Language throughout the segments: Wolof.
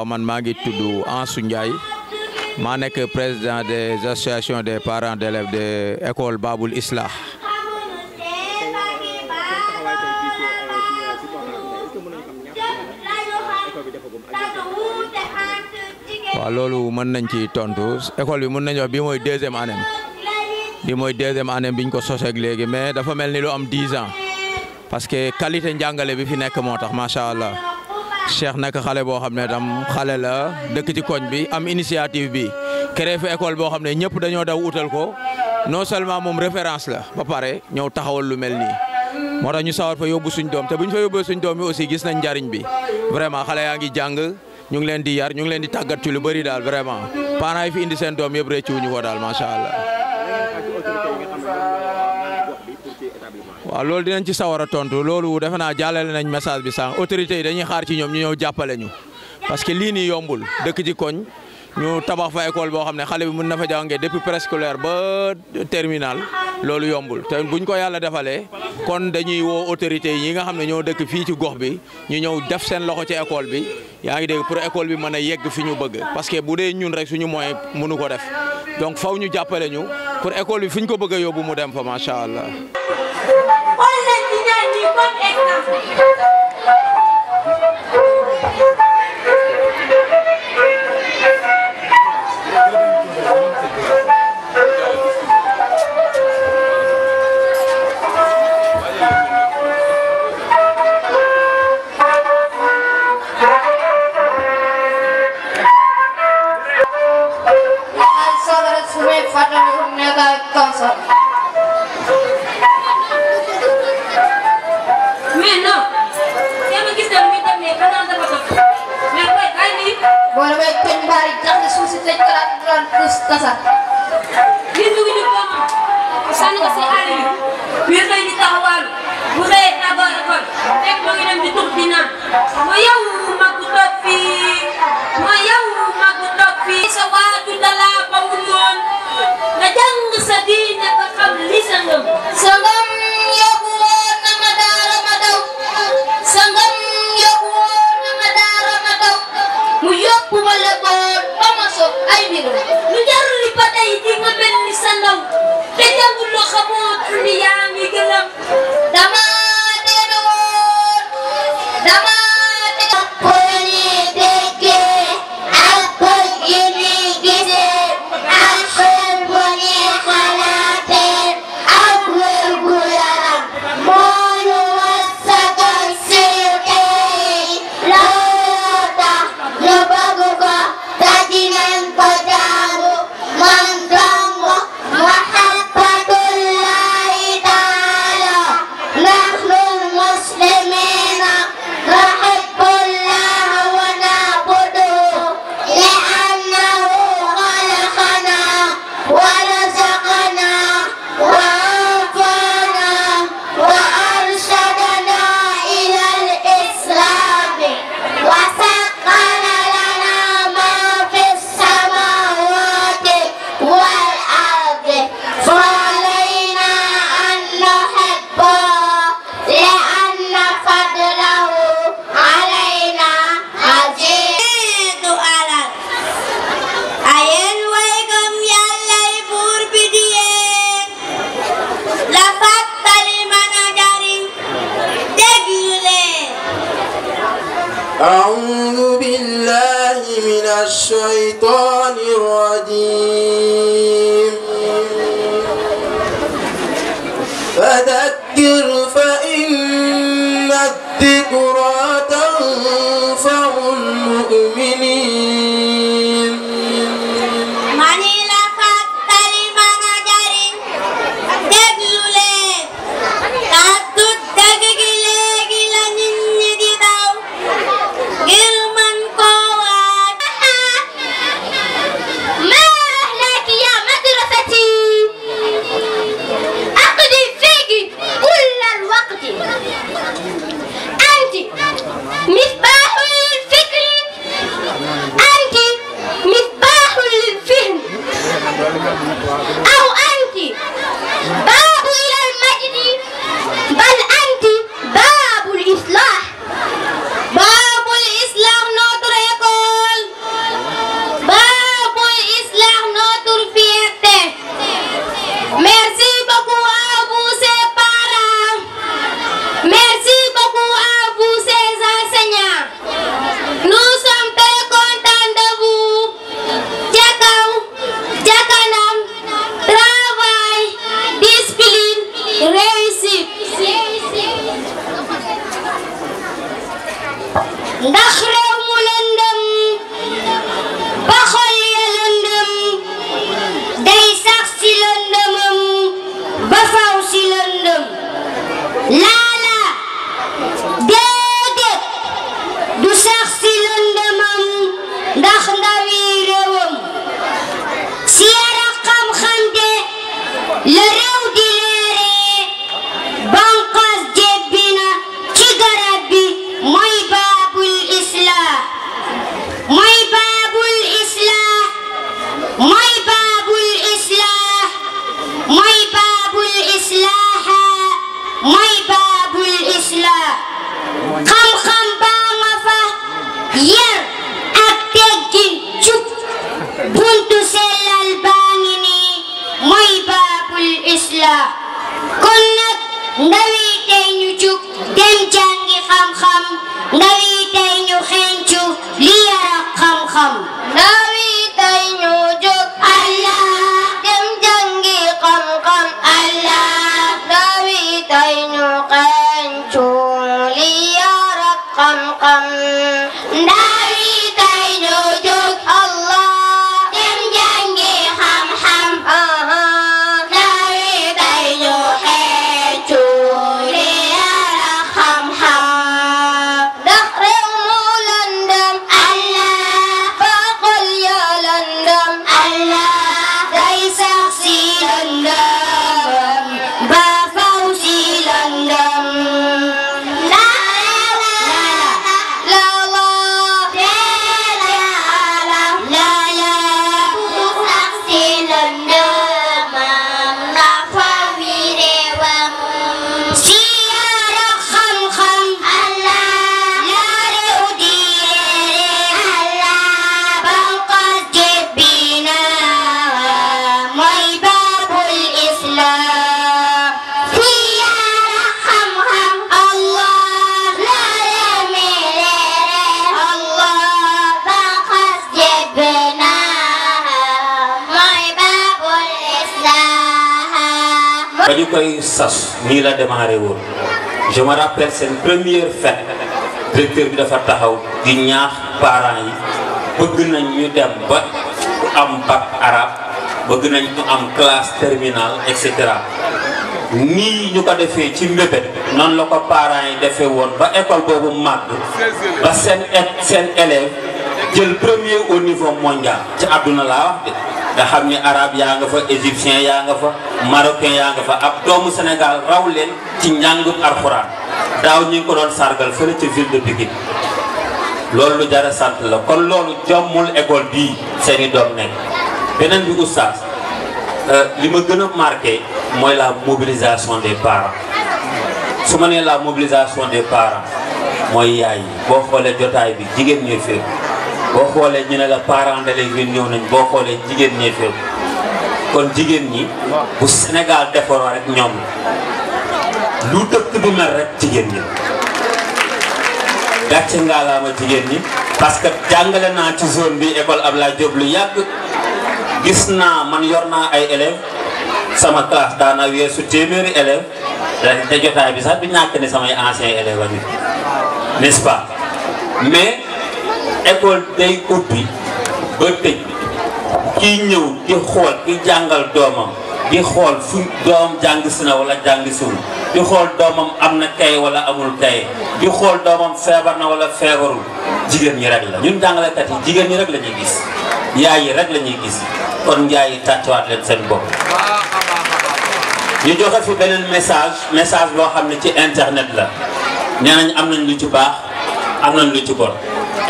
waaw man maa ngi tudd Ansou Ndiaye maa nekk président des associations des parents d'élèves de école Babul Islah waaw loolu mën nañ ci tontu école bi mën nañu wax bi mooy deuxième année bi mooy deuxième année bi ñu ko soseeg léegi mais dafa mel ni lu am dix ans parce que qualité njàngale bi fi nekk moo tax macha allah. Cheikh nekk xale boo xam ne tam xale la dëkk ci koñ bi am initiative bi créé fi école boo xam ne ñëpp dañoo daw utal ko non seulement moom référence la ba pare ñëw taxawal lu mel nii. moo tax ñu sawar fa yóbbu suñ doom te bu ñu fa yóbbee suñ doom bi aussi gis nañ njariñ bi vraiment xale yaa ngi jàng ñu ngi leen di yar ñu ngi leen di tàggat ci lu bëri daal vraiment parents yi fi indi seen doom yëpp réccu wuñu ko daal macha allah. waaw loolu dinañ ci sawar tontu loolu defe naa jàllale nañ message bi sànq autorités yi dañuy xaar ci ñoom ñu ñëw jàppale ñu parce que lii nii yombul dëkk ci koñ ñu tabax fa école boo xam ne xale bi mun na fa jàngee depuis préscolaire ba terminal loolu yombul te buñ ko yàlla defalee kon dañuy woo autorités yi nga xam ne ñoo dëkk fii ci gox bi ñu ñëw def seen loxo ci école bi yaa ngi dégg pour école bi mën a yegg fi ñu bëgg parce que bu dee ñun rek suñu moyen mënu ko def donc faw ñu jàppale ñu pour école bi fi ñu ko bëgg yóbbu mu dem fa macha allah. on leen di ñaan nii comme exemple Abdoulaye Pouce Tassa. lii dugg ñu ko moom sànni ko si àll bi wér nañ ñu taxawal bu xëyee tabax école fekk moo ngi dem di tux di naan mooy yow mag bu toog fii mooy yow mag bu toog fii sa waaju dala bawul woon nga jàng sa diine ba xam li sa ngëm sa ngëm ay melo lu jarul ba tey di nga mel ni sa ndaw te loo xamoon ni yaa ngi gëlam dama tege woon dama tege Bye. الشيطان الرجيم فذكر koy sas nii la démarré woon je me seen première fête directeur bi dafa taxaw di ñaax parents yi bëgg nañ ñu dem ba am bac arabe bëgg nañ ñu am classe terminale et cetera nii ñu ko defee ci mbébét noonu la ko parents yi defee woon ba école boobu màgg ba seen seen élève jël premier au niveau mondial ci àdduna laa wax te xam ni arabe yaa nga fa égyptien yaa nga fa marocain yaa nga fa ab doomu Sénégal raw leen ci njàng alxuraan daaw ñu ngi ko doon sargal fële ca ville de Pikine loolu lu jara sant la kon loolu jommul école bii seeni doom nekk beneen bi oustaz euh, li ma gën a marqué mooy la mobilisation des paran su ma nee la mobilisation des parents mooy yaay yi boo xoolee jotaay bi jigéen ñi fépp boo xoolee ñu ne la parents d'élèves yi ñëw nañ boo xoolee jigéen ñee fépp kon jigéen ñi bu Sénégal defaroo rek ñoom lu dëkk bi mel rek jigéen ñi gàcce ngaalaama jigéen ñi parce que jàngale naa ci zone bi école Abdoulaye Diop lu yàgg gis naa man yor naa ay élèves sama classe daana weesu téeméeri élèves te jotaay bi sax du ñàkk ne samay anciens élèves a nit n'est-ce école day ubbi ba tëj kiy ñëw di xool di jàngal doomam di xool fu doomam jàng si na wala jàng siwul xool doomam am na kay wala amul kay di xool doomam feebar na wala feebarul jigéen ñi rek la ñun jàngalekat yi jigéen ñi rek la gis yaay yi rek lañuy ñuy gis kon yaay yi tàccuwaat leen seen bopp. ñu joxe fi beneen message message boo xam ne ci internet la nee nañ am nañ lu ci baax am nañ lu ci bon.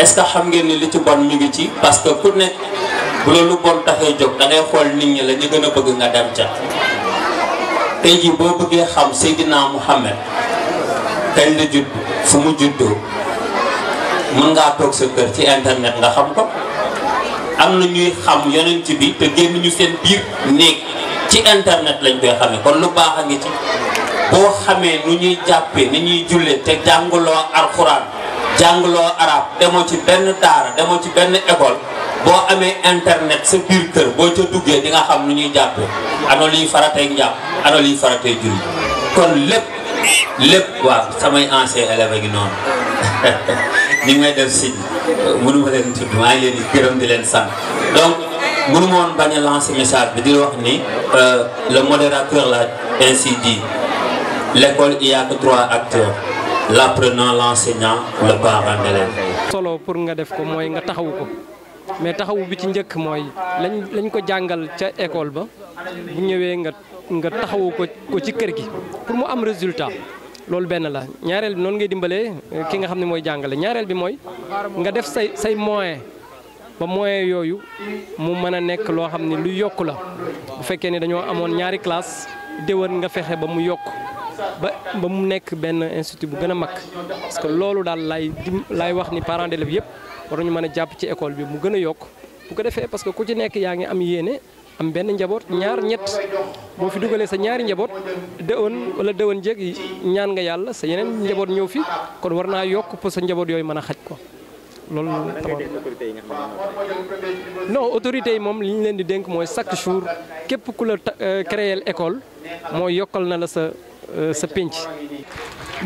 est-ce que xam ngeen ni li ci bon ñu ngi ci parce que ku nekk bu la lu bon taxee jóg da xool nit ñi la ñu gën a bëgg nga dem ca te jii boo bëggee xam Seydina Muhammad kañ la judd fu mu juddoo mën ngaa toog sa kër ci internet nga xam ko am na ñuy xam yonent bi te génn ñu seen biir néeg ci internet lañ koy xamee kon lu baax a ngi ci boo xamee nu ñuy jàppee ni ñuy jullee te jànguloo alxuraan jàngloo arab demoo ci benn daara demoo ci benn école boo amee internet sa biir boo ca duggee di nga xam nu ñuy jàppee ano liy faratee njàpp ano liy faratee jur kon lépp lépp waaw samay ancien élèves gi noonu ni ngay def si mënu leen tudd maa ngi leen di gërëm di leen sant donc mënu ma woon bañ a lancer message bi di wax ni euh, le modérateur l'a ainsi dit l'école il y a que trois acteurs l'apprenant l'enseignant le parent d'élève solo pour nga def ko mooy nga taxawu ko mais taxawu bi ci njëkk mooy lañ lañ ko jàngal ca école ba bu ñëwee nga nga taxawu ko ci kër gi pour mu am résultat loolu benn la ñaareel bi noonu ngay dimbalee eh, ki nga xam ne mooy jàngale ñaareel bi mooy nga def say say moyen ba moyen yooyu mu mën a nekk loo xam ne lu yokk la bu fekkee ne dañoo amoon ñaari classe déwén nga fexe ba mu yokk ba ba mu nekk benn institut bu gën a mag parce que loolu daal laay dim laay wax ni parents d'élèves yëpp war ñu mën a jàpp ci école bi mu gën a yokk bu ko defee parce que ku ci nekk yaa ngi am yéene am benn njaboot ñaar ñett boo fi dugalee sa ñaari njaboot dëwoon wala dëwoon jéeg ñaan nga yàlla sa yeneen njaboot ñëw fi kon war naa yokk pour sa njaboot yooyu mën a xaj ko loolu non autorité yi moom li ñu leen di dénk mooy chaque jour képp ku la euh, créer école mooy yokkal na la sa Euh, sa pénc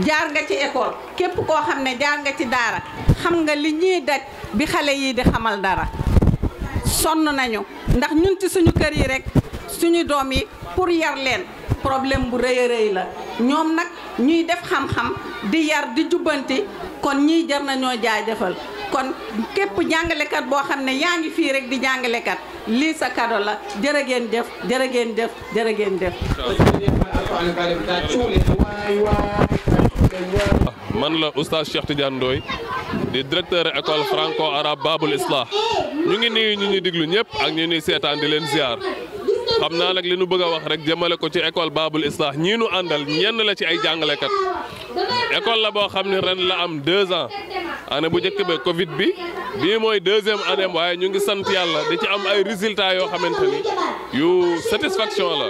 jaar nga ci école képp koo xam ne jaar nga ci daara xam nga li ñuy daj bi xale yi di xamal dara sonn nañu ndax ñun ci suñu kër yi rek suñu doom yi pour yar leen problème bu rëy a rëy la ñoom nag ñuy def xam-xam di yar di jubbanti kon ñiy jar nañoo jaajëfal kon képp jàngalekat boo xam ne yaa ngi fii rek di jàngalekat lii sa kado la jërë ngeen jëf jërë ngeen jëf jërë ngeen def ah, man la oustaz Cheikh Tidiane Ndoye di directeur école franco arabe Babul Islah ñu ngi nuyu ñu ñuy diglu ñëpp ak ñu ñuy seetaan di leen ziar. xam naa nag li nu bëgg a wax rek jëmale ko ci école Babul Islah ñii nu àndal ñenn la ci ay jàngalekat école la boo xam ne ren la am deux ans année bu njëkk ba Covid bi bii mooy deuxième année waaye ñu ngi sant yàlla di ci am ay résultats yoo xamante ni yu satisfaction la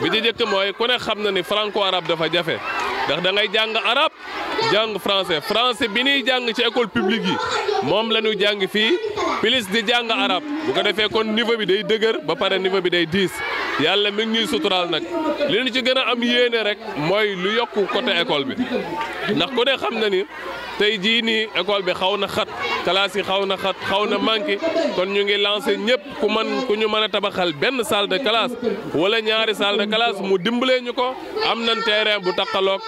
bi ci njëkk mooy ku ne xam na ni franco arab dafa jafe ndax da ngay jàng arab jàng français français bi ñuy jàng ci école publique yi moom la ñuy jàng fii. pilis di jàng arab bu ko defee kon niveau bi day dëgër ba pare niveau bi day diis yàlla mi ngi ñuy suturaal nag li ñu ci gën a am yéene rek mooy lu yokk côté école bi ndax ku ne xam na ni tey jii nii école bi xaw na xat classe yi xaw na xat xaw na manqué kon ñu ngi lancé ñëpp ku man ku ñu mën a tabaxal benn salle de classe wala ñaari salle de classe mu dimbalee ñu ko am nañ terrain bu taqaloog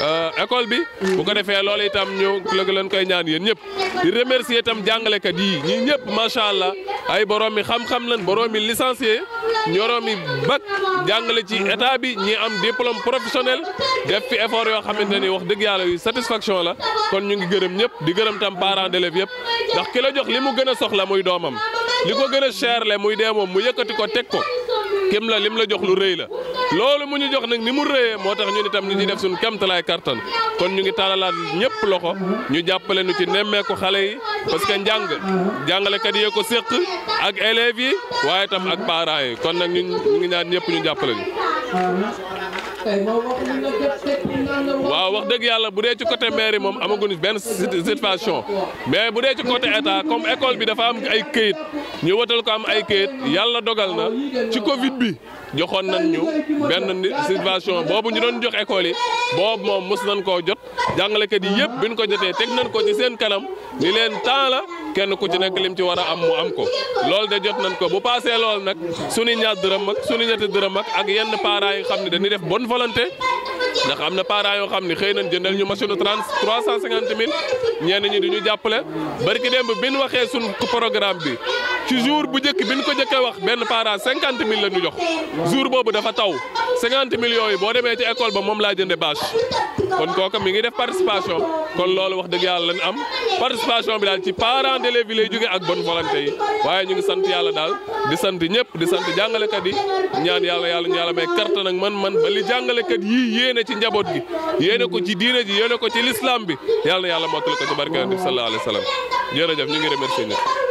euh, école bi bu ko defee lool itam ñu lëg leen koy ñaan yéen ñëpp di remercier jàngale kat yi ñii ñëpp macha allah ay borom yi xam-xam lañ borom yi licencié ñoroom yi bac jàngale ci état bi ñi am diplôme professionnel def fi effort yoo xamante ni wax dëgg yàlla yooyu satisfaction la kon ñu ngi gërëm ñëpp di gërëm tam parents d'élèves yëpp ndax ki jox li mu gën a soxla muy doomam li ko gën a cher le muy dee moom mu yëkkati ko teg ko kim la lim la jox lu rëy la loolu mu ñu jox nag ni mu rëyee moo tax ñun itam ñu ciy def suñu kemtalaay kartan kon ñu ngi tàllalaat ñëpp loxo ñu jàppale ñu ci nemmeeku xale yi parce que njàng jàngalekat yee ko séq ak élèves yi waaye tam ak parents yi kon nag ñu ngi ñaan ñëpp ñu jàppale ñu. waaw wax dëgg yàlla bu dee ci côté mairie moom amaguñu benn situation mais bu dee ci côté état comme école bi dafa am ay këyit ñu watal ko am ay këyit yàlla dogal na ci Covid bi joxoon nañ ñu benn situation boobu ñu doon jox école yi boobu moom mos nañ koo jot jàngalekat yi yëpp bi ko jotee teg nañ ko ci seen kanam ni leen temps la kenn ku ci nekk lim ci war a am mu am ko loolu de jot nañ ko bu paasee loolu nag suñu ñaar dërëm ak suñu ñetti dërëm ak ak yenn parents yi xam ne dañuy def bonne volonté ndax am na parents yoo xam ne xëy nañ jëndal ñu machine de trente trois cent cinquante mille ñenn ñi ñu jàppale barki démb bi ñu waxee suñ programme bi ci jour bu njëkk bi ñu ko jëkkee wax benn parent cinquante mille la ñu jox jour boobu dafa taw cinquante mille yooyu boo demee ci école ba moom laa jënde bâche kon kooka mi ngi def participation kon loolu wax dëgg yàlla lañ am participation bi daal ci parents d'élèves lay jóge ak bon volonté yi waaye ñu ngi sant yàlla daal di sant ñëpp di sant jàngalekat yi ñaan yàlla yàlla ñu yàlla may karte nag man man ba li jàngalekat yi yéene ci njaboot gi yéene ko ci diine ji yéene ko ci lislaam bi yàlla na yàlla mottali ko ci barke Nabi sallallahu alayhi wa sallam jërëjëf ñu ngi remercier ñëpp